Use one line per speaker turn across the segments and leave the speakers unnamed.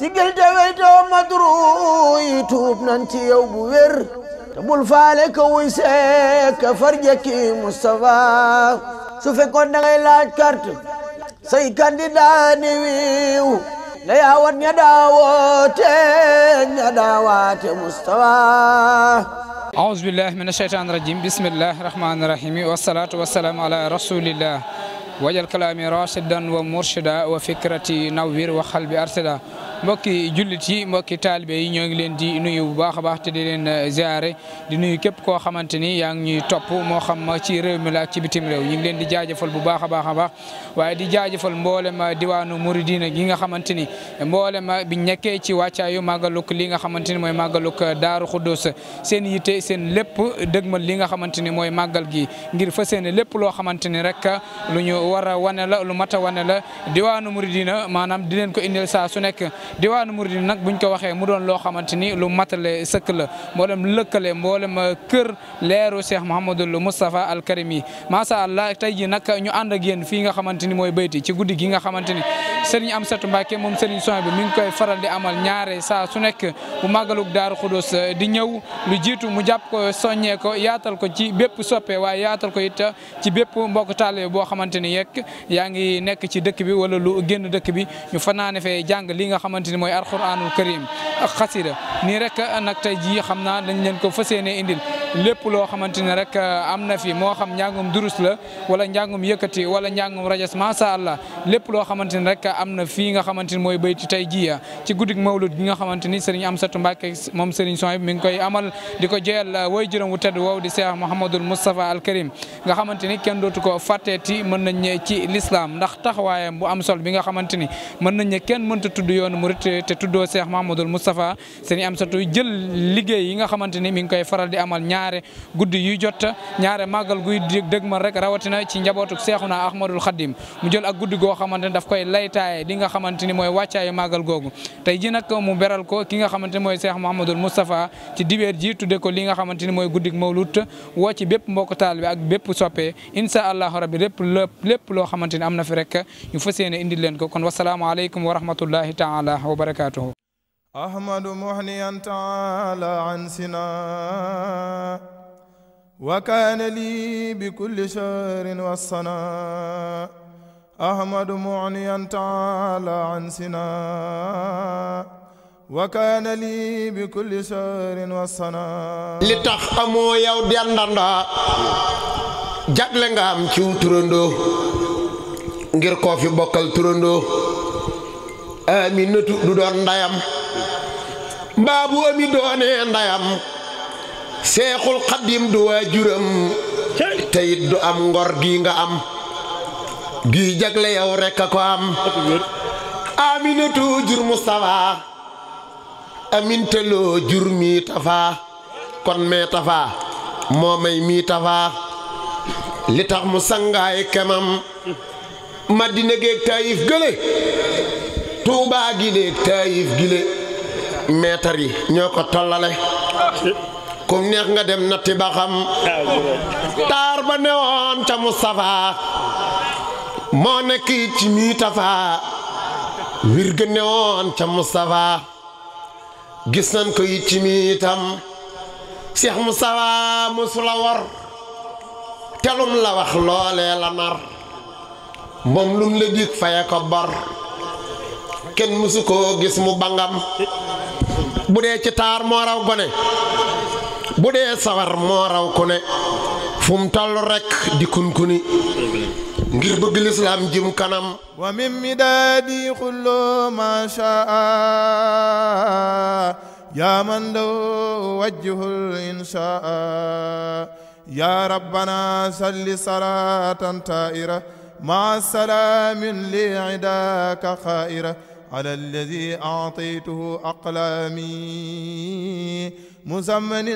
سجل دويت مدروي توب ننتي يا بوير تبول فالك ويسك فرجك مصطفى سوفي كون لا كارت سي كانديداني ويو لا يا ود يا داوات يا داوات مصطفى
أعوذ بالله من الشيطان الرجيم بسم الله الرحمن الرحيم والصلاة والسلام على رسول الله وجل كلامي راشدا ومرشدا وفكرتي نوير وخلبي أرسلا mbokki jullit yi mbokki taalibe yi ñoo ngi leen di nuyu bu baax a baax te di leen eh, ziare di nuyu képp koo xamante ni yaa ngi ñuy topp moo xam eh, ci réew mi la ci bitim réew ñu ngi leen di jaajëfal bu baax a baax a baax waaye di jaajëfal mboolem eh, diwaanu muridina gi nga xamante ni mboolem bi ñekkee ci wàccaayu màggaluk li nga xamante ni mooy màggaluk Daaru Xuddus seen yitte seen lépp dëgmal li nga xamante ni mooy màggal gi ngir fa seen lépp loo xamante ni rek lu ñu war a wane la lu mat a wane la diwaanu muridina maanaam di leen ko indil saa su nekk diwaanu Mouride nag ñu ko waxee mu doon loo xamante ni lu matale sëkk la mboolem lëkkale mboolem kër leeru Cheikh Mouhamadul Moustapha Al Karimi macha allah tey ji nag ñu ànd ak yéen fii nga xamante ni mooy bayti ci guddi gi nga xamante ni Serigne Amsatou Mbacké moom Serigne Sohaibou mi ngi koy faral di amal ñaare sa su nekk bu màggalug Daaru Xudus eh, di ñëw lu jiitu mu jàpp ko soññee ko yaatal ko ci bépp soppe waaye yaatal ko it ci bépp mbokk taalibe boo xamante ni yekk yaa ngi nekk ci dëkk bi wala lu génn dëkk bi xamante ni mooy alquranul karim ak xasida nii rek nag tey jii xam naa dañ leen ko fas yéene indil lépp loo xamante ne rek euh, am na fi moo xam njàngum durus la wala njàngum yëkkati wala njàngum rajas macha allah lépp loo xamante ne rek am na fii nga xamante ni mooy bayti tey jii euh, ci guddik mawlud gi nga xamante ni Serigne tu Mbacké moom Serigne Souhaïbou mi ngi koy amal di ko jeyal euh, woy juróom wu tedd woow di Cheikh Mouhamadul Moustapha al Karim nga xamante ni kenn dootu ko fàtteeti mën nañ ci l'islam ndax taxawaayam bu am sol bi nga xamante ni mën nañ ne kenn mënta tudd yoonu murit te tuddoo Cheikh Mouhamadul Moustapha Serigne Amsatou jël liggéey yi nga xamante ni mi ngi koy faral di amal ñaar ñaare guddi yuy jot ñaare màggal guy dëgmal rek rawatina ci njabootu Seexuna Ahmadul Xadim mu jël ak guddi goo xamante ne daf koy laytaaye li nga xamante ni mooy wàccaayu màggal googu tey ji mu beral ko ki nga xamante ni mooy Seex Muhammadul Moustapha ci dibeer jiitu tudde ko li nga xamante ni mooy guddik mawlut woo ci bépp mbokk taal bi ak bépp soppe incha allahu rabbi lépp lépp loo xamante ni am na fi rek ñu fas yéene indil leen ko kon wasalaamaaleykum wa rahmatullahi taala wa barakaatuhu
أحمد محنيا تعالى عن سنا وكان لي بكل شر والصنا أحمد معنيا تعالى عن سنا وكان لي بكل شر والصنا لتخمو أمو يو جاكلنغا جاغلنغام تيو ترندو
ngir ko fi bokal turando aminatu du ndayam baabu ami doone seexul xaddim du waajuram teyit du am ngor gi nga am gi jagle yow rekk a ko am aminatu jur mustafa amintaloo jur mi tafa kon mee tafa moo may mi li tax mu sangaay kemam madina géeg taayif gële tuubaa gi léeg taayif gile meetar yi ñoo ko tollale kum neex nga dem natti ba xam taar ba newoon ca Moustapha moo nekk ci mii tafaa wir ga newoon ca Moustapha gis nañ ko it ci mii itam Cheikh Moustapha mosula wor telum la wax loolee la nar moom lum la dig faye ko bor kenn mosu koo gis mu bangam bu dee ci taar moo gone bu dee sawar moo raw ku ne fu mu toll di kunkuni ngir bëgg lislaam jëm kanam
wa min midaadi xullu ma shaa yaa man law wajjihul inshaa yaa rabbana salli salaatan taa'ira ma salaamin li idaaka xaa'ira على الذي أعطيته أقلامي مزمن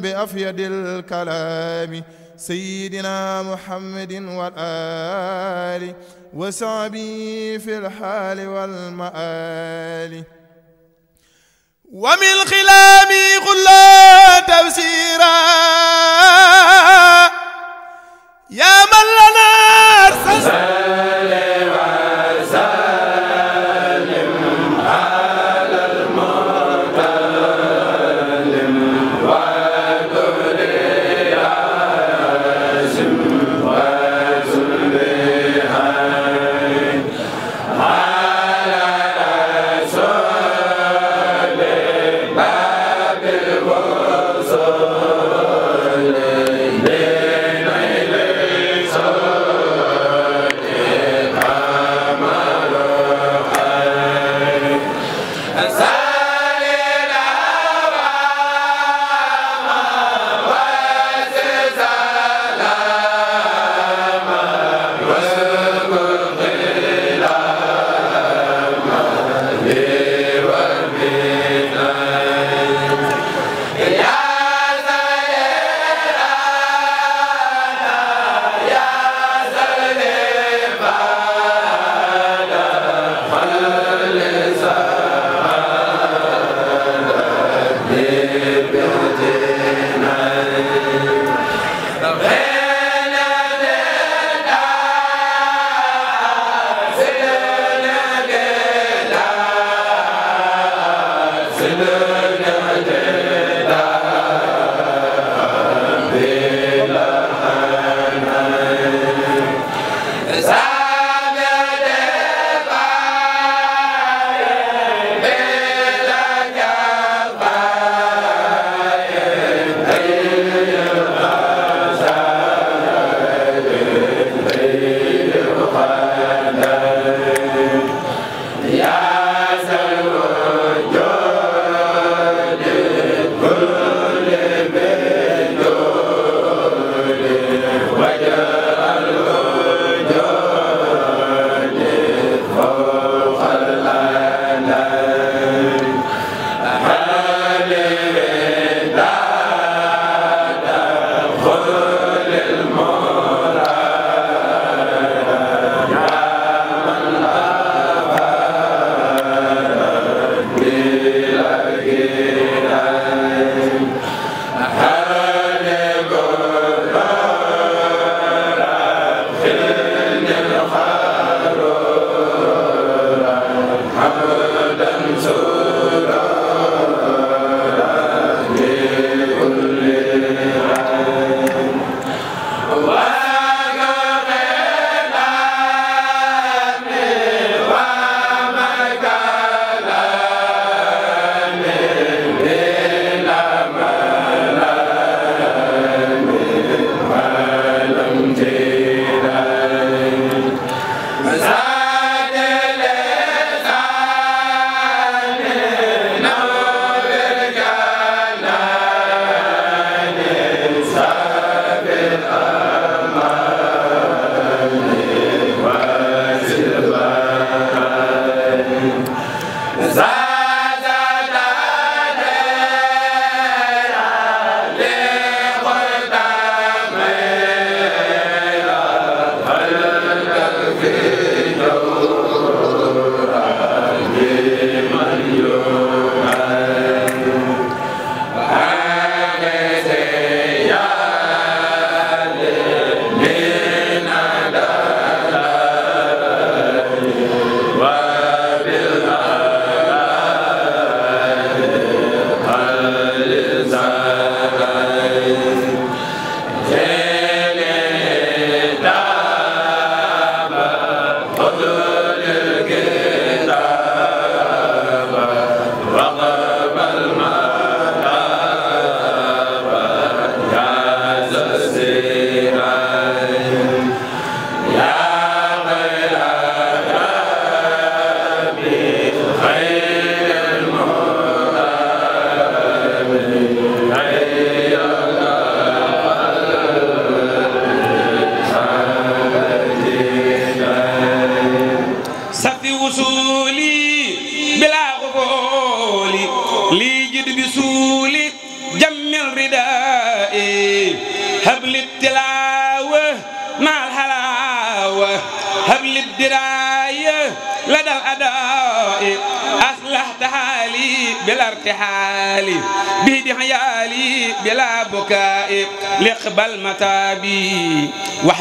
بأفيد الكلام سيدنا محمد والآل وسعبي في الحال والمآل ومن خلامي غلا تفسيرا يا من لنا
أرسل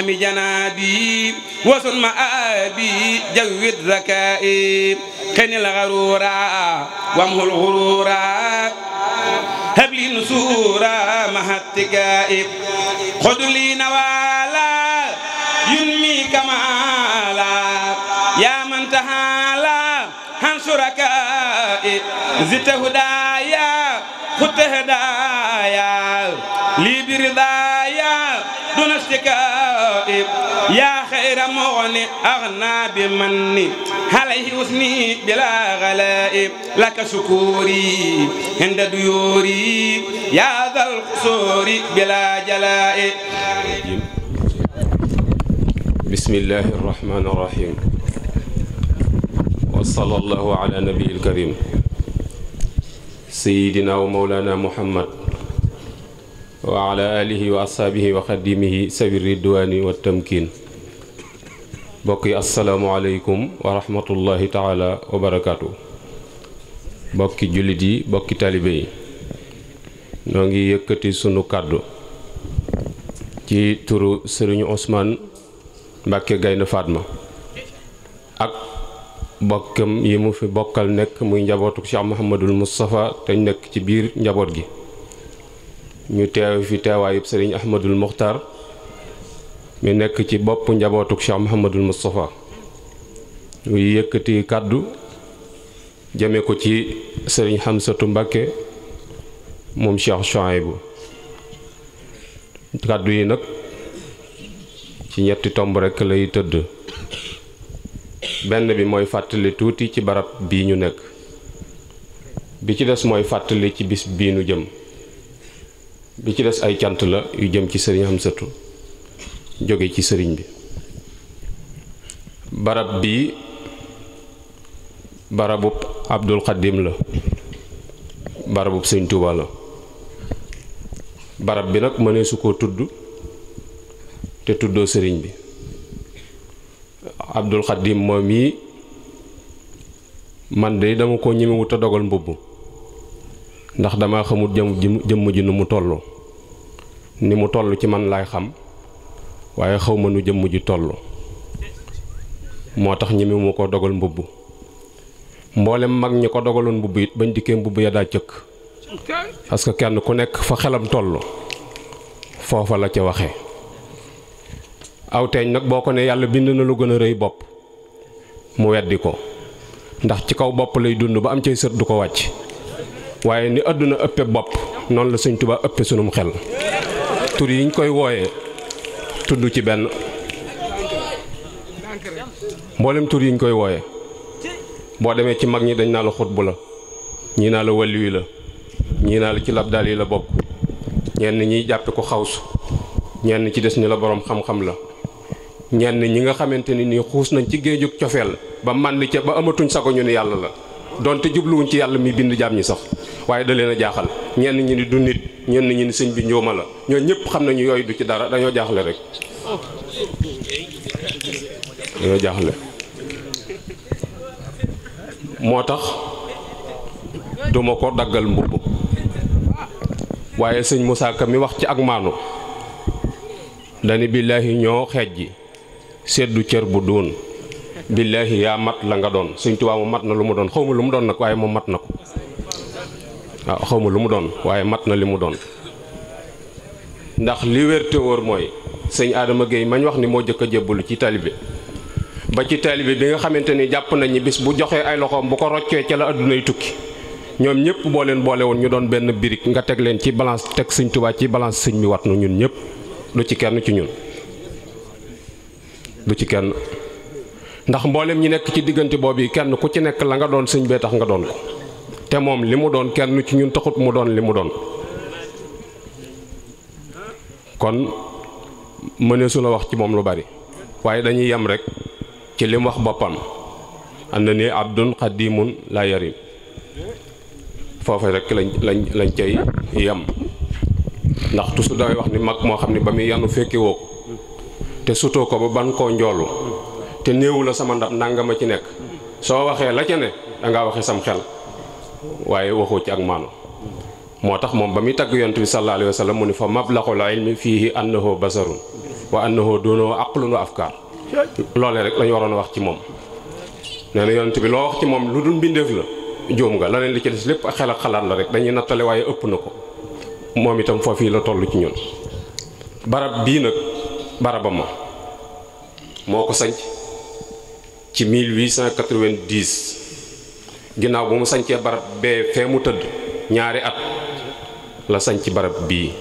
أنعم جنابي وسن مآبي جود ذكائي كن الغرورا وامه الغرورا هب لي نسورا مع التكائب خذ لي نوالا ينمي كمالا يا من تهالا عن شركائي زدت هدايا خذت هدايا لي برضايا يا دون اشتكاء يا خير مغني أغنى بمني عليه حسني بلا غلائب لك شكوري عند ديوري يا ذا القصور بلا
جلائب بسم الله الرحمن الرحيم وصلى الله على نبي الكريم سيدنا ومولانا محمد wa ala wa asxaabihi wa xadimihi sawi ridwaani wa tamkiin mbokk yi asalaamualeykum wa rahmatullahi taala wa barakaatu mbokki jullit yi bokki talibe yi ñoo ngi yëkkati sunu kàddu ci turu sëriñ osmaan Mbacke Gaynde Fatma ak bokkam yi mu fi bokkal nekk muy njabootu Cheikh Mouhamadul Moustapha te nekk ci biir njaboot gi ñu teew fi teewaayub sëriñ ahmadul muxtar mi nekk ci bopp njabootuk cheikh muhammadul moustapha ñu yëkkati kàddu jëme ko ci sëriñ xamsatu mbàkke moom cheikh Chouaïbou kàddu yi nag ci ñetti tomb rekk lay tëdd benn bi mooy fàttali tuuti ci barab bi ñu nekk bi ci des mooy fàttali ci bis bii nu jëm bi ci des ay cant la yu jëm ci sëriñ Amsatu jóge ci sëriñ bi barab bi barabub Abdul Xadim la barabub sëñ Tuuba barab bi nag mënee su ko tudd te tuddoo sëriñ bi Abdul Xadim moom yi man de dama ko ñemewut a dogal mbubb ndax dama xamul jëm jëm ji nu mu tollu ni mu tollu ci man lay xam waye xawma nu jëm ji tollu motax ñimi mu ko dogal mbubbu mbolem mag ñi ko dogalon mbubbu it bañ dikke mbubbu ya da cëkk parce que kenn ku nekk fa xelam tollu fofa la ci waxe aw teñ nak boko ne yalla bind na lu gëna bop mu weddi ndax ci kaw bop lay dund ba am ci seut du ko waaye ni àdduna ëppe bopp noonu la sëñ Tuubaa ëppe sunum xel tur yiñ koy wooye tudd ci benn mboolem tur yiñ koy wooyee boo demee ci mag ñi dañ naa la xut bu la ñii naa la wàllu la ñii naa la ci labdaal yi la bokk ñenn ñiy jàppe ko xawsu ñenn ci des ni la boroom xam-xam la ñenn ñi nga xamante ni nii xuus nañ ci géejug cofeel ba mànd ca ba amatuñ sago ñu yàlla la donte jubluwuñ ci yàlla mi bind jaam ñi sax waaye da leen a jaaxal ñenn ñi ni du nit ñenn ñi ni sëñ bi njuuma la ñoo ñëpp xam nañu yooyu du ci dara dañoo jaaxle rek dañoo jaaxle moo tax duma ko daggal mbubb waaye sëñ Moussa Ka mi wax ci ak maanu dani billaahi ñoo xeej ji seddu cër bu doon billaahi yaa mat la nga doon sëñ mu mat na lu mu doon xaw lu mu doon nag waaye moom mat na ko waaw ah, lu mu doon waaye mat na li mu doon ndax li wér te wóor mooy sëñ aadama géey mañ wax ni moo jëkk a jébbalu ci taalibe ba ci taalibe bi nga xamante ni jàpp nañu bis bu joxee ay loxoom bu ko roccee ca la addunay tukki ñoom ñëpp boo leen boole woon ñu doon benn birig nga teg leen ci balance teg sëñ Tuubaa ci balance sëñ mi wat nu ñun ñëpp du ci kenn ci ñun du ci kenn ndax mboolem ñi nekk ci diggante boobu yi kenn ku ci nekk la nga doon sëñ bee tax nga doon ko te moom li mu doon kenn ci ñun taxut mu doon li mu doon kon mëneesu la wax ci moom lu bari waaye dañuy yem rek ci lim wax boppam am na ni abdun xadimun la yarim foofa rek lañ lañ lañ cay yem ndax toujours damay wax ni mag moo xam ne ba muy yanu fekke woo te sutoo ko ba ban koo njoolu te néewu la sama ndab nangama ci nekk soo waxee la ne dangaa waxee sam xel waaye waxoo ci ak maano moo tax moom ba muy tagg yont bi sallallahu alayhi wa sallam mu ni fa mablaxul ilmi fiihi annahu basarun wa annahu dunoo lu wa afkaar loole rek lañu waroon wax ci moom nee na yonent bi loo wax ci moom lu dul mbindeef la juum nga leneen li ci lépp xel xalaat la rek dañuy nattale waaye ëpp na ko moom itam foofii la tollu ci ñun barab bii nag barabam ma moo ko sanc ci ginnaaw bu mu sañcee barab bee fee mu tëdd ñaari at la sañc barab bii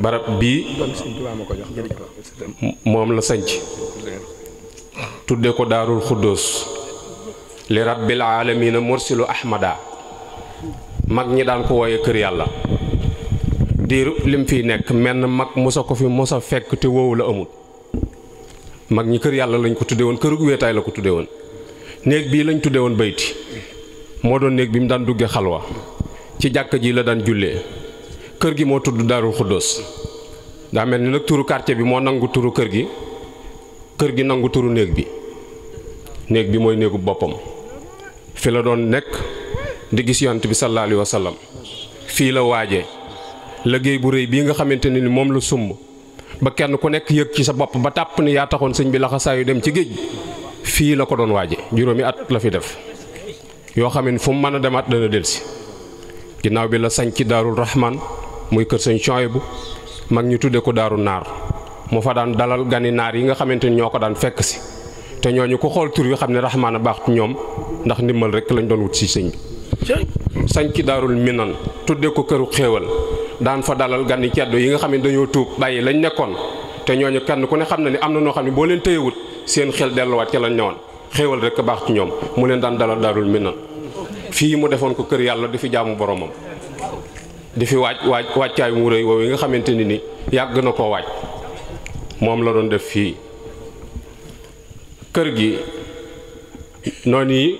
barab bii moom la sañc tudde ko daarul xuddoos li rabbil aalamiina mursilu ahmada mag ñi daan ko wooye kër yàlla diiru lim fiy nekk menn mag mosa ko fi mosa fekk te woowu la amul mag ñi kër yàlla lañ ko tudde woon kërug wéetaay la ko tudde woon néeg bii lañ tudde woon bayti moo doon néeg bi mu daan dugge xalwa ci jàkk ji la daan jullee kër gi moo tudd daarul xuddoos daa mel ni nag turu quartier bi moo nangu turu kër gi kër gi nangu turu néeg bi néeg bi mooy néegu boppam fi la doon nekk di gis yonent bi sallallahu alayhi wa fii la waaje liggéey bu rëy bii nga xamante ne ni moom la sumb ba kenn ku nekk yëg ci sa bopp ba tàpp ni yaa taxoon sëñ bi laxasaayu dem ci géej fii la ko doon waaje juróomi at la fi def yoo xam ne fu mën a demaat dana si ginnaaw bi la sañ ci daarul rahman muy kër sëñ bu mag ñu tuddee ko daaru naar moo fa daan dalal gani naar yi nga xamante ni ñoo ko daan fekk si te ñoo ñu ko xool tur yu xam ne rahmaan a baax ci ñoom ndax ndimbal rek lañ doon wut si sëñ bi sañ ci daarul minan tuddee ko këru xéewal daan fa dalal gani ceddo yi nga xam ne dañoo tuub bàyyi lañ nekkoon te ñooñu kenn ku ne xam na ni am na noo xam ne boo leen téyewut seen xel delluwaat ca lañ newoon xéewal rek baax ci ñoom mu leen daan dalal daarul minan fii mu defoon ko kër yàlla di fi jaamu boromam di fi waaj waaj wàccaay mu rëy woowu yi nga xamante ni ni yàgg na koo waaj moom la doon def fii kër gi noonu yi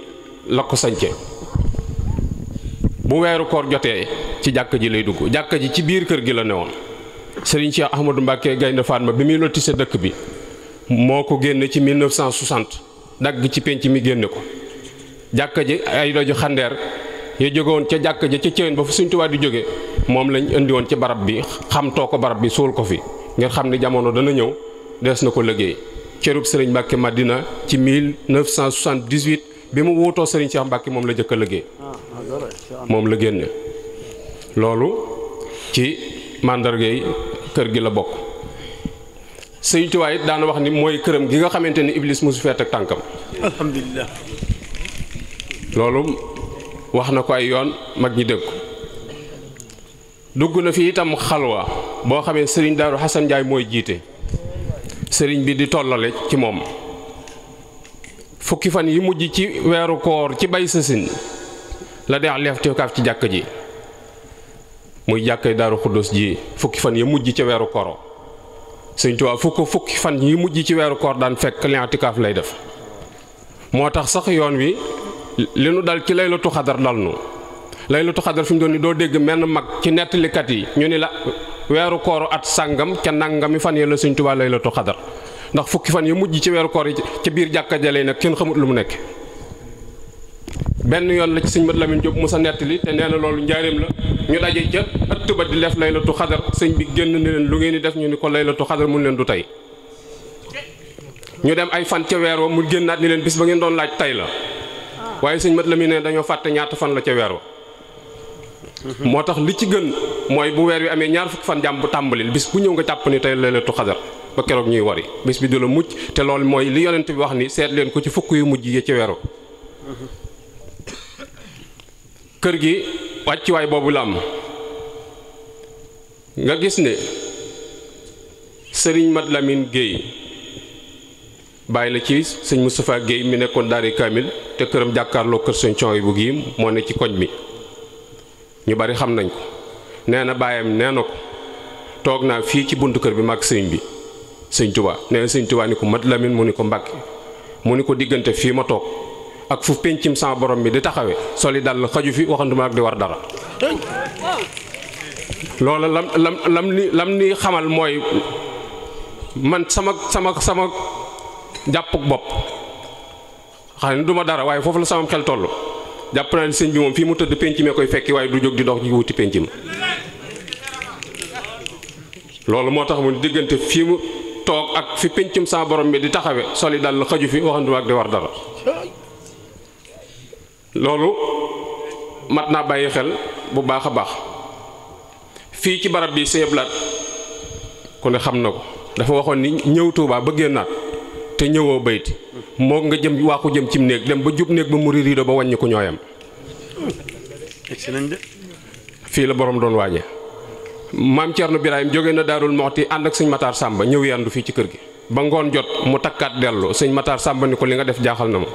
la ko sañce bu weeru koor jotee ci jàkk ji lay dugg jàkk ji ci biir kër gi la ne newoon Serigne Cheikh Ahmadou Mbacke Gaynde Fatma bi muy lotti sa dëkk bi moo ko génne ci 1960 dagg ci penc mi génne ko jàkk ji ay doju xandeer ya jóge woon ca jàkk ja ca cëwén ba fa Sëñ di jóge moom lañ indi woon ci barab bi xam too ko barab bi suul ko fi ngir xam ni jamono dana ñëw des na ko liggéey cërub sëriñ ma dina ci 1978 bi mu wutoo sëriñ Cheikh Mbàkke moom la jëkk a liggéey moom la génne loolu ci màndargay kër gi la bokk sëñ Tuubaa it daana wax ni mooy këram gi nga xamante ni iblis mosu feet ak tànkam loolu wax na ko ay yoon mag ñi dégg ko dugg na fi itam xalwa boo xamee sëriñ daaru xasan njaay mooy jiite sëriñ bi di tollale ci moom fukki fan yi mujj ci weeru koor ci bay sësin la deex leef tikaaf ci jàkk ji muy jàkk daaru xuddus ji fukki fan yi mujj ci weeru kooro sëñ Tuubaa fukk fukki fan yi mujj ci weeru koor daan fekk li itikaaf lay def moo tax sax yoon wi li nu dal ci lay laylatu xadar dal nu laylatu xadar fu ñu doon ni doo dégg menn mag ci nettalikat yi ñu ni la weeru kooru at sàngam ca nangami fan yi la sëñ Tuubaa laylatu xadar ndax fukki fan yi mujj ci weeru koor yi ca biir jàkka jale nag kenn xamut lu mu nekk benn yoon la ci sëñ Mat Lamin Jóob sa nettali te nee na loolu njaareem la ñu daje ca ëtt ba di def laylatu xadar sëñ bi génn ni leen lu ngeen di def ñu ni ko laylatu xadar mun leen du tey ñu dem ay fan ca weer wa mu génnaat ni leen bis ba ngeen doon laaj tey la waaye sëñ la mi ne dañoo fàtte ñaata fan la ca weer wa moo tax li ci gën mooy bu weer wi amee ñaar fukki fan jàmm bu bis bu ñëw nga jàpp ni tey laylatu xadar ba keroog ñuy war bis bi du la loolu mooy li bi wax ni seet leen ko ci fukk yu mujj yi ci weeru kër gi wàccuwaay boobu la nga gis ni sëriñ Mat lamin Guèye bàyyi la ci sëñ Moustapha Guèye mi nekkoon daari kaamil te këram jàkkaarloo kër sëñ Cooy bu gii moo ne ci koñ mi ñu bari xam nañ ko nee na baayam nee na ko toog naa fii ci buntu kër bi mag sëriñ bi sëñ Tuubaa nee na sëñ Tuubaa ni ko Mat Lamine mu ni ko Mbàkke mu ni ko diggante fii ma toog ak pencim sa borom bi di taxawee soli dal xaju fi waxantuma di war dara loola lam lam lam ni lam ni mooy man sama sama sama jàppuk bopp xam du ma dara waaye foofu la sama xel toll jàpp naa ni sëñ bi fii mu tëdd penc mee koy waaye du jóg di dox ji wuti penc ma loolu moo tax mu diggante fii mu toog ak fi pencum saa borom bi di taxawe soli dal xaju fi waxantuma ak di war dara loolu mat naa bàyyi xel bu baax a baax fii ci barab bi Sëñ Abdou ku ne xam na ko dafa waxoon ni ñëw Tuubaa bëggee naat te ñëwoo bayti moo nga jëm waaxu jëm cim néeg dem ba jub néeg ba mu riirido ba wàññi ko ñooyam fii la borom doon waaje maam Thierno Birahim jóge na Daarul Moxti ànd ak sëñ Matar Samba ñëw yandu fii ci kër gi ba ngoon jot mu takkaat dellu sëñ Matar Samba ni ko li nga def jaaxal na ma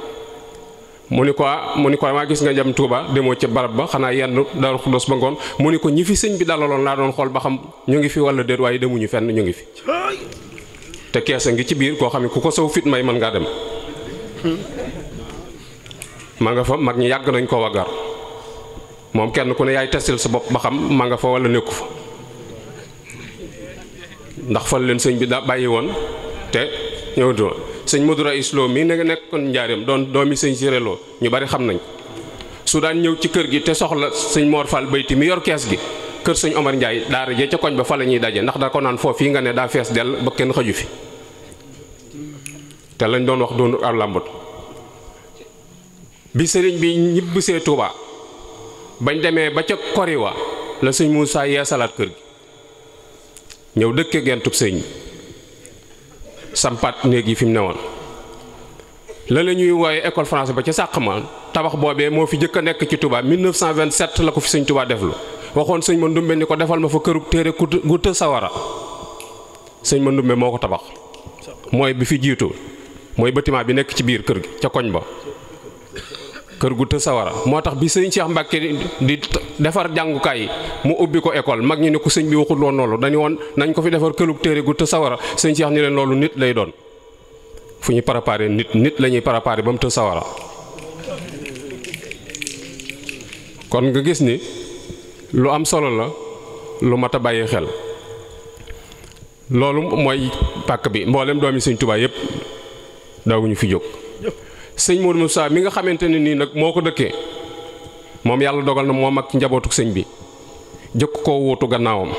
mu ni ko mu ni ko maa gis nga jëm Touba demoo ca barab ba xanaa yenn Daaru Xuddoos ba ngoon mu ni ko ñi fi sëñ bi dalaloon laa doon xool ba xam ñu ngi fi wala déet waaye demuñu fenn ñu ngi fi te kees a ngi ci biir koo xam ne ku ko saw fit may mën ngaa dem ma nga fa mag ñi yàgg nañ koo waggar moom kenn ku ne yaay testil sa bopp ba xam ma nga fa wala nekku fa ndax fal leen sëñ bi daa bàyyi woon te ñëwatu sëñ Modou Raïs Lo mii nga nekkoon njaareem doon doomi sëñ Siré Lo ñu bari xam nañ su daan ñëw ci kër gi te soxla sëñ Mor bayti mi yor kees gi kër sëñ Omar Ndiaye daara ja ca koñ ba fa la ñuy daje ndax da ko naan foofu yi nga ne daa fees dell ba kenn xëju fi te lañ doon wax doonu ab làmbut bi sëriñ bi ñibbisee Touba bañ demee ba ca Koriwa la sëñ Moussa salaat kër gi ñëw dëkke gentub sëñ bi sampat néeg yi fi mu ne woon la la ñuy wooye école français ba ca sàq ma tabax boobee moo fi jëkk a nekk ci Touba 1927 la ko fi sëñ Touba deflu waxoon sëñ ma ndumbe ni ko defal ma fa kërug téere gu të sawara sëñ ma ndumbe moo ko tabax mooy bi fi jiitu mooy bâtiment bi nekk ci biir kër gi ca koñ ba keur gu te sawara motax bi seigne Cheikh Mbacke di defar jàngukaay mu ubbi ko école mag ñu ne ko seigne bi waxul won lolu dañ won nañ ko fi defar keuluk téere gu te sawara seigne Cheikh ni len lolu nit lay doon fuñu préparer nit nit lañuy préparer bam te sawara kon nga gis ni lu am solo la lu mata baye xel lolu moy pak bi mbollem doomi seigne touba yep daawuñu fi sëñ Modou Moussa mi nga xamante ne nii nag moo ko dëkkee moom yàlla dogal na moo mag njabootu sëñ bi jëkk koo wuutu gannaawam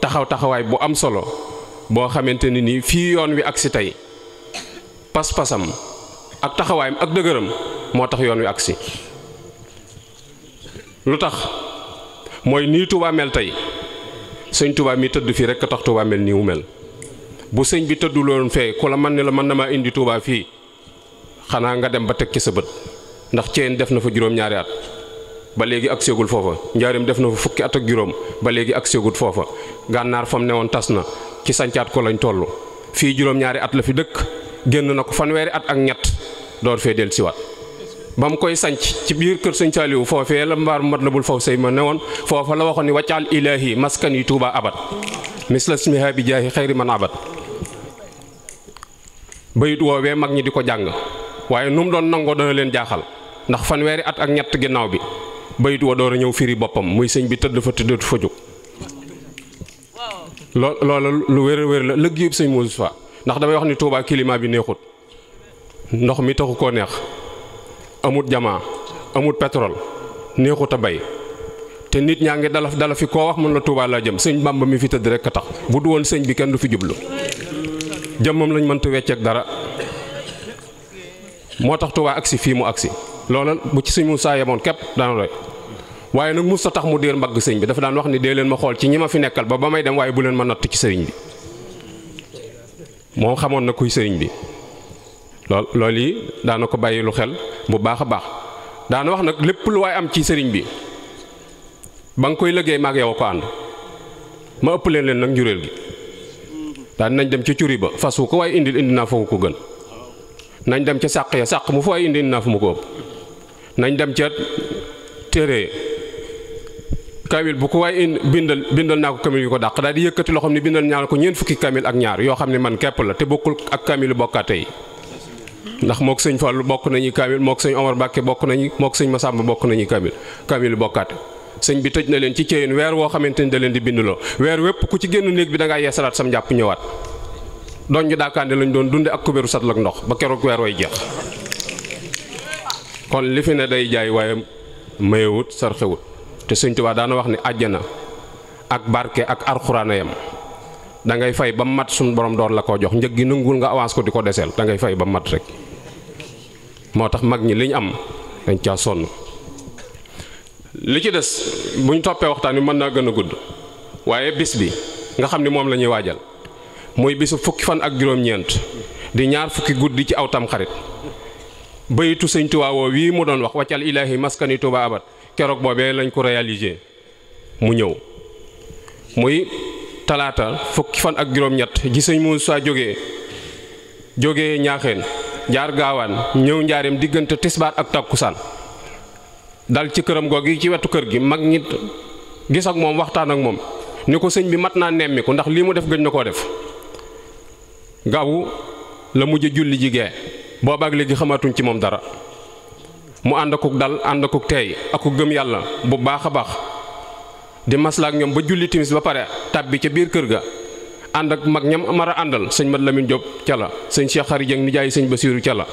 taxaw taxawaay bu am solo boo xamante ni nii fii yoon wi ak si tey pas-pasam ak taxawaayam ak dëgëram moo tax yoon wi ak si lu tax mooy nii Touba mel tey sëñ Touba mi tëdd fii rek tax Touba mel nii mel bu sëñ bi tëdduloon fee ku la man ni la mën na maa indi Touba fii xana nga dem ba teg ci sa beut ndax ceen def na fa juróom-ñaari at ba legi ak segul fofa ñaarim def na fa fukki at ak juróom ba legi ak séegul fofa gannar fam neewon tasna ci santiat ko lañ tollu fi juróom-ñaari at la fi dekk genn nako ko at ak ñett door fe del ci wat bam koy sanc ci bir keur seigne taliou fofé la mbar mat la bul sey ma neewon fofa la waxoni ilahi maskan yi abat. abad misla smiha bi jahi xayri man abad bayit wowe mag ñi di jang waaye nu mu doon nangoo dana leen jaaxal ndax fanweeri at ak ñett ginnaaw bi bayit wa door a ñëw firi boppam muy sëñ bi tëdd fa tëddatu fa jóg loo loola lu wér wér la lëg yëpp sëñ Moussa ndax damay wax ni tuubaa climat bi neexut ndox mi taxu koo neex amut jamaa amut pétrole neexut a bay te nit ñaa ngi dalaf dala fi koo wax mën la Touba laa jëm sëñ Bamba mi fi tëdd rek a tax bu du woon sëñ bi kenn du fi jublu jëmmam lañ mënta wecceek dara moo tax Touba agsi fii mu agsi loola bu ci sëñ saa yemoon képp dana doy waaye nag mos sa tax mu deer mbagg sëñ bi dafa daan wax ni dee leen ma xool ci ñi ma fi nekkal ba ba may dem waaye bu leen ma natt ci sëriñ bi moom xamoon na kuy sëriñ bi lool loolu yi daana ko bàyyi lu xel bu baax a baax daana wax nag lépp lu waay am ci sëriñ bi ba nga koy liggéey maag yow a ko ànd ma ëpp leen leen nag njuréel gi daan nañ dem ci curi ba fas wu ko waaye indil indi naa foofu ko gën nañ dem ca sàq ya sàq mu fooy indi naaf mu ko nañ dem ca téere kamil bu ko waay indi bindal bindal naa ko kamil yu ko dàq daal di yëkkati loxoom ni bindal ñaar ko ñeent fukki kamil ak ñaar yoo xam ne man képp la te bokkul ak kamilu bokkaate yi ndax mook sëñ Fallu bokk nañu kamil mook sëñ Omar Mbàkke bokk nañu mook sëñ sàmm bokk nañu kamil kamilu bokkaate sëñ bi tëj na leen ci ceeyin weer woo xamante ni da leen di bindloo weer wépp ku ci génn néeg bi da ngaa sam njàpp ñëwaat doon ñu daakaande lañ doon dunde ak kubéeru satl ak ndox ba kéro weer way jeex kon li fi ne day jaay waye mayewut sarxewut te señ Tuubaa daana wax ni aljana ak barké ak arxuraana yam da ngay fay ba mat sun borom door la ko jox ñeeg gi nangul nga avance ko di déssel da ngay fay ba mat rek motax mag ñi liñ am dañ ca sonn li ci des buñ toppee waxtaan wi mën gudd waye bis bi nga xamni ni lañuy wajal muy bisu fukki fan ak juróom-ñeent di ñaar fukki guddi ci aw tamxarit bayitu sëñ Tuubaa wii mu doon wax waccal ilaahi maskani Tuubaa abat keroog boobee lañ ko réalisé mu ñëw muy talaata fukki fan ak juróom-ñett ji sëñ Muusaa jógee jógee ñaaxeen jaar gaawaan ñëw njaareem diggante tisbaar ak takkusaan dal ci këram googi ci wetu kër gi mag ñi gis ak moom waxtaan ak moom ni ko sëñ bi mat naa nemmiku ndax lii mu def gëj na koo def Gawu, la mujj julli ji gee boobaak léegi xamatuñ ci mom dara mu anda akuk dal ànd akuk aku gëm yalla bu baax bax di maslaak ñom ba julli timis ba pare tabbi ci biir kër ga ànd ak mag ñam amara andal señ mat Lamine job ci la señ Cheikh Xari Jeng nijaay señ basiru ci la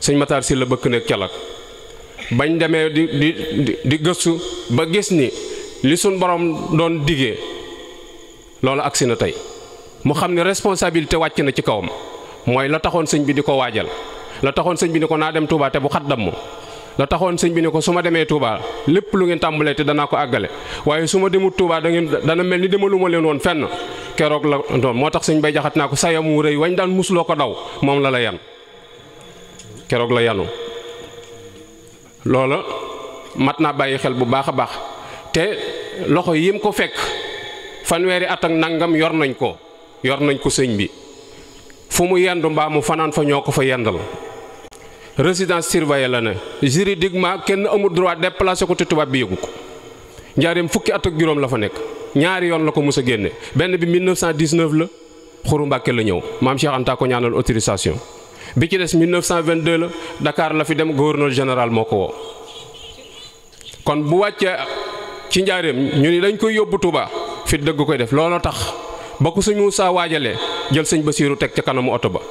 señ matar sil la bëkk nekk la bañ démé di di di gëssu ba gis ni li sun borom doon diggé lolu aksina tay mu xam ne responsabilité wàcc na ci kawam mooy la taxoon sëñ bi di ko waajal la taxoon sëñ bi ni ko naa dem Touba te bu xat damm la taxoon sëñ bi ni ko su ma demee Touba lépp lu ngeen tàmbalee te danaa ko àggale waaye su ma demut tuubaa da ngeen dana mel ni demaluma leen woon fenn keroog la doon moo tax sëñ bay jaxat naa ko sayam wu rëy wañ daan musuloo ko daw moom la la yan keroog la yanu loola mat naa bàyyi xel bu baax a baax te loxo yim ko fekk fanweeri at nangam yor nañ ko yor nañ ko sëñ bi fu mu yendu mbaamu fanaan fa ñoo ko fa yendal résidence surveillée la ne juridiquement kenn amul droit déplacé ko te tubaab bi yëgu ko njaareem fukki at ak juróom la fa nekk ñaari yoon la ko mus a génne benn bi 1919 la xuru Mbàkke la ñëw maam Cheikh Anta ko ñaanal autorisation bi ci des 1922 la Dakar la fi dem gouverneur général moo ko woo kon bu wàccee ci njaareem ñu ni dañ koy yóbbu Touba fit dëgg koy def looloo tax ba ko sëñ Moussa waajalee jël seigne basirou tek ci kanamu auto ba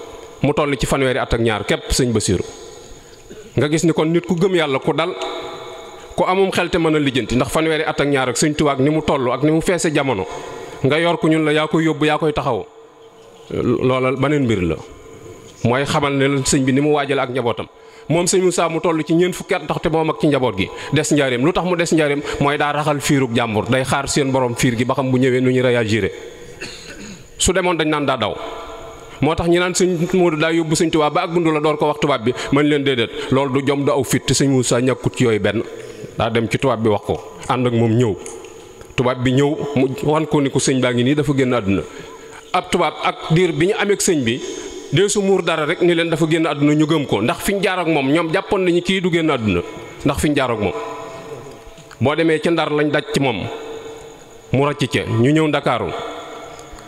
mu toll ci fanweeri at ak ñaar kep seigne basirou nga gis ni kon nit ku gëm yalla ku dal ku amum xel te mën a ndax fanweeri at ak ñaar ak seigne touba ak ni mu toll ak ni fessé jamono nga yor ku ñun la ya koy yobbu ya koy taxaw lolal banen mbir la moy xamal ne bi nimu ak njabotam mom seigne Moussa mu toll ci ñeen fukki at ndax te mom ak ci njabot gi dess njaareem lu mu dess njaareem moy da raxal firuk jambour day xaar seen borom fir gi ba xam bu ñewé nu ñu réagiré su demoon dañ naan daa daw moo tax ñi naan sëñ Moodu daa yóbbu sëñ tubaab ba ak bundu la door ko wax tubaab bi man leen dee déedéet loolu du jom du aw fit te sëñ Moussa ñàkkut ci yooyu benn daa dem ci tubaab bi wax ko ànd ak moom ñëw tubaab bi ñëw mu wan ko ni ko sëñ baa ngi nii dafa génn àdduna ab tubaab ak diir bi ñu ameeg sëñ bi dee su muur dara rek ni leen dafa génn àdduna ñu gëm ko ndax fi ñu jaar moom ñoom jàppoon nañu kii du génn àdduna ndax fi ñu jaar moom boo demee ca ndar lañ daj ci moom mu ràcc ñu ñëw ndakaaru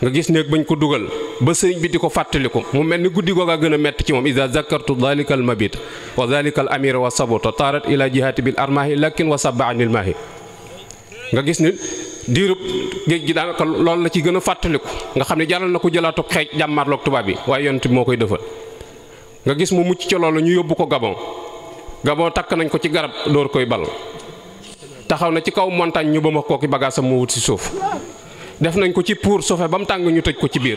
nga gis néeg bañ ko dugal ba sëriñ bi di ko fàttaliku mu mel ni guddi googaa gën a metti ci moom ida zakartu dalika al mabit wa dalika al amira wa sabota taarat ila jihaati bil armahi lakin wa saba anil nga gis ni diirub géej gi daanaka loolu la ci gën a fàttaliku nga xam ne jaral na ko jëlaatu xeej jàmmarloog tubaab yi waaye yonent bi moo koy defal nga gis mu mucc ca loolu ñu yóbbu ko gabon gabon takk nañ ko ci garab dóor koy bal taxaw na ci kaw montagne ñu ba ma kooki bagaasam mu suuf def nañ ko ci pour sofe ba mu tàng ñu tëj ko ci biir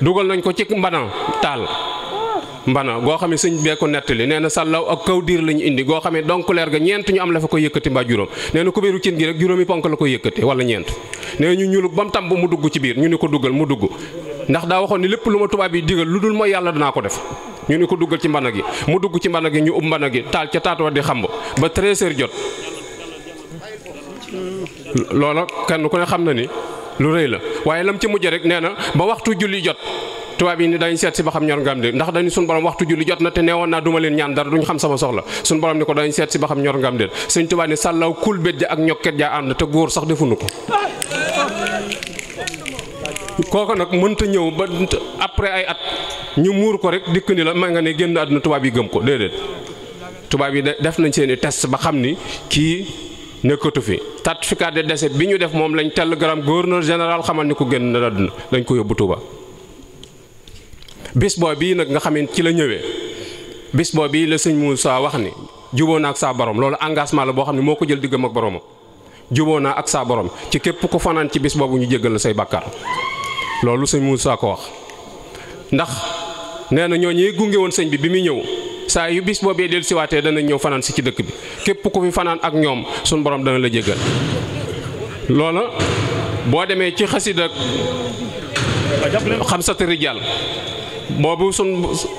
dugal nañ ko ci mbana taal mbana goo xam ne suñ bee ko nettali nee na sàllaw ak kaw diir lañu indi goo xam ne donc leer ga ñeent ñu am la fa ko yëkkati mbaa juróom nee na kubéeru cin gi rek juróomi ponk la ko yëkkati wala ñeent nee ñu ñulug ba mu tàmb mu dugg ci biir ñu ni ko duggal mu dugg ndax daa waxoon ni lépp lu ma tubaab yi digal lu dul mooy yàlla danaa ko def ñu ni ko duggal ci mbana gi mu dugg ci mbana gi ñu ub mbana taal ca taatuwa di xamb ba 13 heures jot loola xam na ni lu rëy la waaye lam ci mujj rek nee na ba waxtu julli jot tubaab yi ni dañ seet si ba xam ñor nga am déet ndax dañ suñu borom waxtu julli jot na te neewoon naa duma leen ñaan dara duñ xam sama soxla suñu borom ni ko dañ seet si ba xam ñor nga am déet suñ tubaab ni sàllaw kul bét ja ak ñokket jaa ànd te góor sax defunu ko kooku nag mënta ñëw ba après ay at ñu muur ko rek dikk ni la ma nga ne génn àdduna tubaab yi gëm ko déedéet tubaab yi def nañ seen test ba xam ni kii nekkatu fi certificat de décès bi ñu def moom lañ telegram gouverneur général xamal ni ko génn na àdduna lañ ko yóbbu Tuuba bis boy bi nag nga xamee ci la ñëwee bis boy bi le sëñ Moussa wax ni juboo naa ak sa borom loolu engagement la boo xam ne moo ko jël diggam ak boromam juboo naa ak sa borom ci képp ku fanaan ci bis boobu ñu jéggal la say bàkkaar loolu sëñ Moussa ko wax ndax nee na ñoo ñuy gunge woon sëñ bi bi muy ñëw saa yu bis boobee dellu siwaatee danañ ñëw fanaan si ci dëkk bi képp ku fi fanaan ak ñoom suñ borom dana la jéggal loola boo demee ci xasida xam sati rijal boobu sun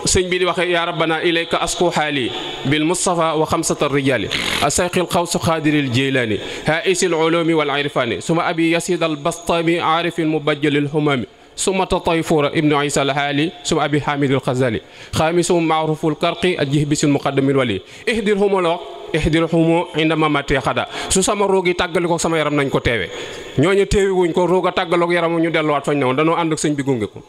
sëñ bi di waxe yaa rabbana ilayka asku xaali bil mustafa wa xamsata rijali asayqil xawsu xaadiril jeylaani haisil ulumi wal irfani suma abi yasid al bastami aarifin mubajjalil humami ثم تطيفور ابن عيسى الهالي ثم أبي حامد الخزالي خامسهم معروف الكرقي الجهبس المقدم الولي اهدرهم لو اهدرهم عندما مات خدا su sama roog yi tàggalikoo sama yaram nañ ko teewe ñooñu teewi wuñ ko roog a tàggaloog yaram ñu delluwaat fañ ne woon danoo ànd ak sëñ bi gunge ko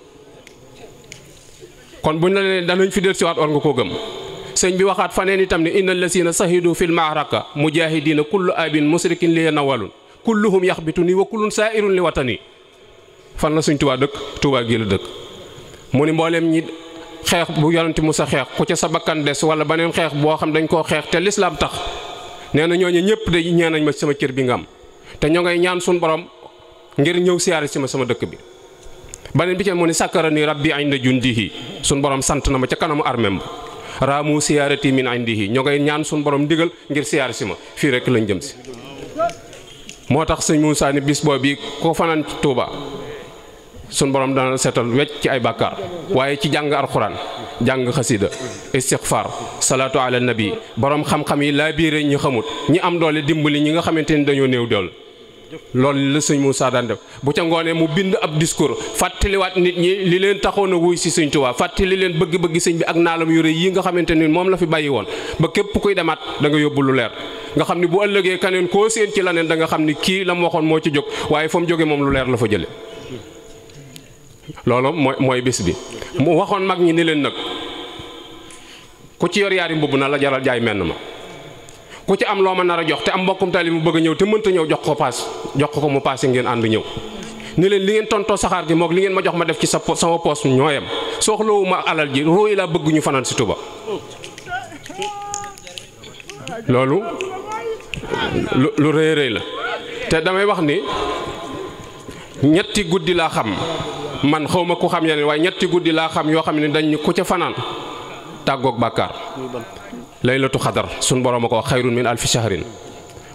kon buñ la ne danañ fi del siwaat war nga koo gëm sëñ bi waxaat faneen itam ne inna allasina sahidu fi lmaaraka mujahidina kullu abin musrikin li nawalun kulluhum yaxbituni wa kullun saa'irun li watani fan la suñ tuba dekk tuba gi la dekk mu ni mbollem ñi xex bu yaronti musa xex ku ci sa bakkan dess wala banen xex bo xam dañ ko xex te l'islam tax neena na ñepp de ñeenañ ma sama cër bi nga te ñoo ñaan suñ borom ngir ñew siyar ci sama dekk bi banen bi ci mo ni sàkkara ni rabbi inda jundihi suñ borom sant na ma ci kanamu armem ramu siyarati min indihi ñoo ñaan suñ borom ngir siyar ci ma fi rek lañ jëm ci motax seigne ni bis boobu ko ci Touba sun borom dana seetal wecc ci ay bàkkaar waaye ci jàng alxuraan jàng xasida istighfar salaatu ala nabi borom xam-xam yi laa biire ñi xamut ñi am doole dimbali ñi nga xamante ni dañoo néew dool loolu la sëñ Moussa daan def bu ca ngoonee mu bind ab discours fàttaliwaat nit ñi li leen taxoon a wuy si sëñ Tuubaa fàttali leen bëgg-bëgg sëñ bi ak naalam yu rëy yi nga xamante ni moom la fi bàyyi woon ba képp kuy demaat danga nga yóbbu lu leer nga xam ni bu ëllëgee kaneen koo séen ci la neen da nga xam ni kii la mu waxoon moo ci jóg waaye fa mu jógee moom lu leer la fa jële lolo moy moy bes bi mu waxon mag ñi ne len nak ku ci yor yaari mbubu na la jaral jaay men ma ku ci am loo ma nar jox te am mbokkum taali mu bëgg ñew te mënta ñew jox ko pass jox ko mu paase ngeen and ñew ne len li ngeen tonto saxar gi mok li ngeen ma jox ma def ci sa sama poos ñooyam soxlawuma alal ji roi la bëgg ñu fanaan ci Tuba loolu lu reey reey la te damay wax ni ñetti guddila xam man xaw ma ku xam yaa yeneen waaye ñetti guddi laa xam yoo xam ne dañ ku ca fanaan tàggook bàkkaar laylatu xadar sun borom a ko wax xayrun min alfi shahrin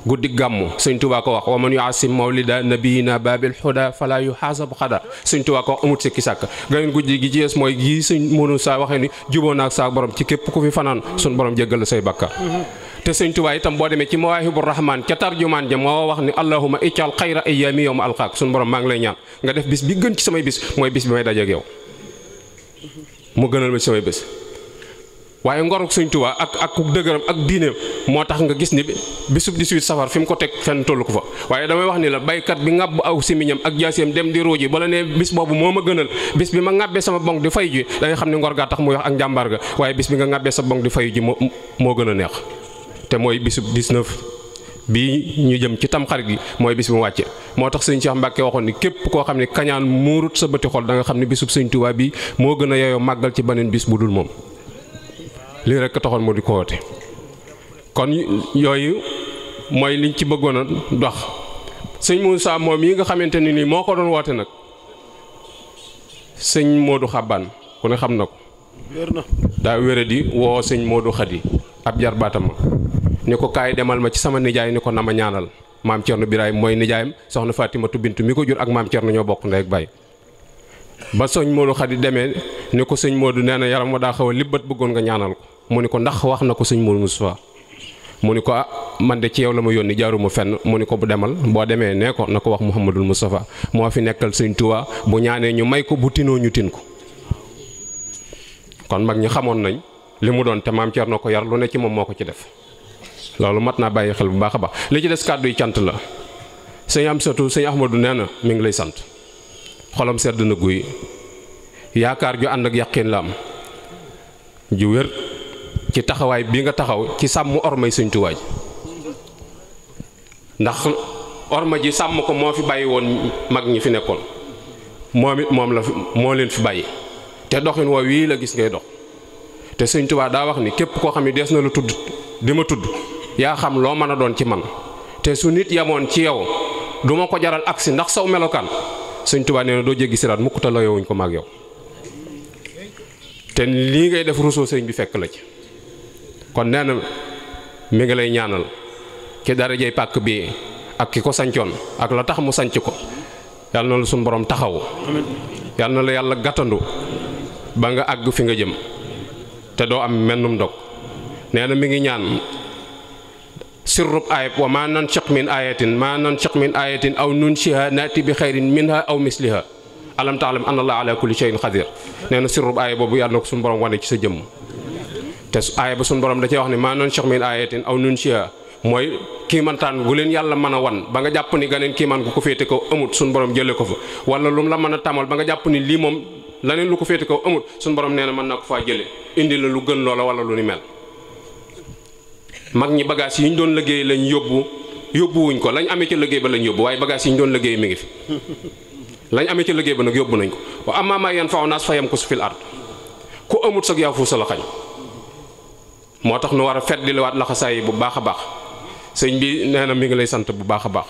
guddi gàmmu sëñ Tuubaa ko wax wa man yuasim mawlida nabiyina babil huda fala yuhasabu xada sëñ Tuubaa ko wax amut sikki sàkk ganeen guddi gi ci yees mooy gi suñ mënu sa waxee ni juboo naak saa boroom ci képp ku fi fanaan sun borom jéggal say bàkkaar te seigne touba itam bo demé ci mawahibur rahman ci tarjuman wahni mo wax ni allahumma ijal xayra ayami yawm alqaq sun borom maa lay ñaan nga def bis bi gën ci samay bis moy bis bi may ak yow mo gënal ma ci samay bis ngor ak seigne touba ak ak dëgëram ak diine motax nga gis ni bisub 18 safar fim ko tek fen tollu ko fa waye damay wax ni la baykat bi ngab aw simiñam ak dem di roji bala ne bis bobu moma gënal bis bi ma ngàbbee sama bong di fay ji da nga xamni ngor ga tax muy wax ak jambar ga waye bis bi nga sa bong di fay ji moo neex te mooy bisub 19 bii ñu jëm ci tamxarit gi mooy bis bu mu wàcce moo tax sëñ Cheikh Mbacke waxoon ni képp koo xam ne kañaan muurut sa bëti xol da nga xam ne bisub sëñ Tuubaa bi moo gën a yeyoo màggal ci beneen bis bu dul moom lii rek taxoon moo di ko woote kon yooyu mooy liñ ci bëggoon dox sëñ Moussa moom yi nga xamante ni nii moo ko doon woote nag sëñ Modou Xaban ku ne xam na ko daa wéradi woo sëñ Modou Xadi ab jarbaatam ma ni ko kaay demal ma ci sama nijaay ni ko na ma ñaanal maam Thierno Birahim mooy nijaayam soxna Fatimatu Bintu mi ko jur ak maam Thierno ñoo bokk ndey ak baay ba sëñ Modou Khady demee ni ko sëñ du nee na yaram wa daa xaw a libbat bëggoon nga ñaanal ko mu ni ko ndax wax na ko sëñ Modou Moustapha mu ni ko ah man de ci yow la ma yónni jaaruma fenn mu ni ko bu demal boo demee nee ko na ko wax Mouhamadul Moustapha moo fi nekkal sëñ Touba bu ñaanee ñu may ko bu ñu tin ko kon mag ñi xamoon nañ li mu doon te maam ko yar lu ci moom moo ko ci def. loolu mat naa bàyyi xel bu baax a baax li ci des kàddu yi cant la sëñ am satu sëñ Ahmadu nee na mu ngi lay sant xolam sedd na guy yaakaar ju ànd ak yàqin la am ju wér ci taxawaay bi nga taxaw ci sàmm ormay sëñ Tuubaa ndax orma ji sàmm ko moo fi bàyyi woon mag ñi fi nekkoon moom it moom la moo leen fi bàyyi te doxin woo wii la gis ngay dox te sëñ Tuubaa daa wax ni képp koo xam ne dees na la tudd di ma tudd Ya xam lo meuna don ci man te su nit yamone ci yow duma ko jaral aksi ndax saw melokan seigne touba neena do doo sirat siraat mukk te layowuñ ko maag yow te li ngay def rousseau seigne bi fekk la ci kon neena mi ngi lay ñaanal dara jey pak bi ak kiko santion ak la tax mu sanc ko yalla na la sun borom taxaw yalla na la yalla gatandu ba nga ag fi nga jëm te do am mennum dok neena mi ngi ñaan sirrub ayib wa maa nanshaq min ayatin maa nanshaq min ayatin aw nunshiha naati bi xayrin minha aw misliha alam taalam anna allah ala kulli shay'in xadir nee na sirrub ayib boobu yàlla na ko suñu borom wane ci sa jëmm te ayib ba suñu borom da cee wax ne maa nanshaq min ayatin aw nunshiha mooy kiimantaan gu leen yàlla mën a wan ba nga jàpp ni ganeen kiimaan gu ko féete ko amut suñu borom jëlee ko fa wala lu la mën a tamal ba nga jàpp ni lii moom laneen lu ko féete kaw amut suñu borom nee na mën na ko faa jëlee indi la lu gën loola wala lu mel mag ñi bagage yi ñu doon liggéey lañ yóbbu yóbbuwuñ ko lañ amee ca liggéey ba lañ yóbbu waaye bagage yi ñu doon liggéey mi ngi fi lañ amee ca liggéey ba nag yóbbu nañ ko wa amma ma yan faaw naas fa yam ko su fil ard ku amut sag yaa fuusa la xañ moo tax nu war a fet di liwaat laxasaay yi bu baax a baax sëñ bi nee na mi ngi lay sant bu baax a baax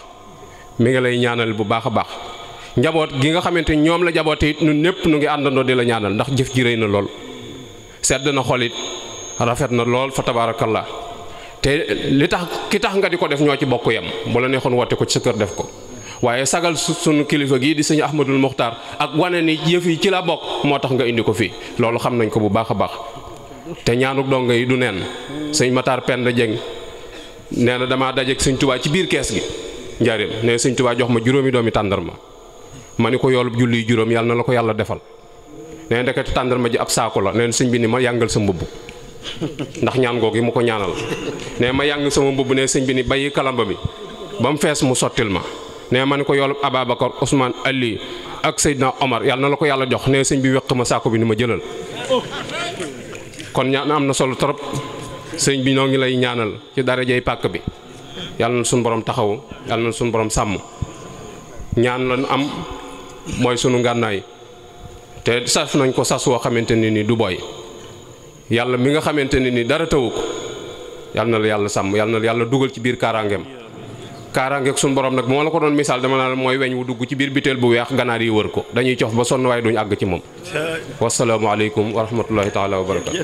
mi ngi lay ñaanal bu baax a baax njaboot gi nga xamante ñoom la jaboot it ñun ñëpp nu ngi àndandoo di ñaanal ndax jëf ji rëy na lool sedd na xol it rafet na lool fa tabaarakallaa té li tax ki tax nga di def ño ci bokku yam bu la neexoon woote ko ci def ko waye sagal sunu kilifa gi di seigne ahmadul Muhtar. ak wané ni yeuf yi ci la bok motax nga indi ko fi lolu xam nañ ko bu baakha a baax te ñaanuk donga yi du nen seigne matar pend jeng néna dama dajé dajeeg ci biir caisse gi né seigne touba jox ma doomi tandarma maniko yol julli yalla nalako yalla defal né ndekati tanderma ji ab saako la né sembubuk. bi ni ma yangal sa ndax ñaan googu mu ko ñaanal ne ma yang sama bubu ne señ bi ni bàyyi kalamba bi bam fess mu sotil ma ne ma ko yol ababakar usman Ali ak sayyidna Omar yalla na ko jox ne señ bi wekk ma sako bi ni ma jëlal kon ñaan am na solo torop señ bi noo ngi lay ñaanal ci jey pak bi yalla na sun borom taxaw yalla na sun borom sam ñaan lan am moy sunu ngannaay té saf nañ ko sas wo xamanteni ni du boy yàlla mi nga xamante ne ni dara tawu ko yal na la yàlla sàmm yal na la dugal ci biir kaaraangeem kaaraangeeg suñu borom nag bu la ko doon misaal dama naa mooy weñ wu dugg ci biir bitéel bu weex ganaar yi wër ko dañuy cof ba sonn waaye duñu àgg ci moom wasalaamualeykum wa rahmatullahi taala wa barakatu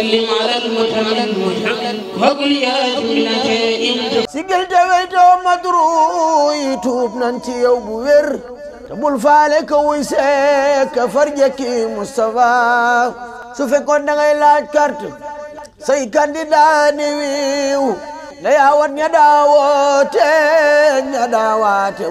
وسلم على المتمم وقل يا جملتين sigil te weytoo madru yi tuub nan ci bu wér te bul faale ka wuy ka farjaki Moustapha su fekkoon da ngay laaj carte say candidat wiiw na
yaawat ña daawoote ña daawaate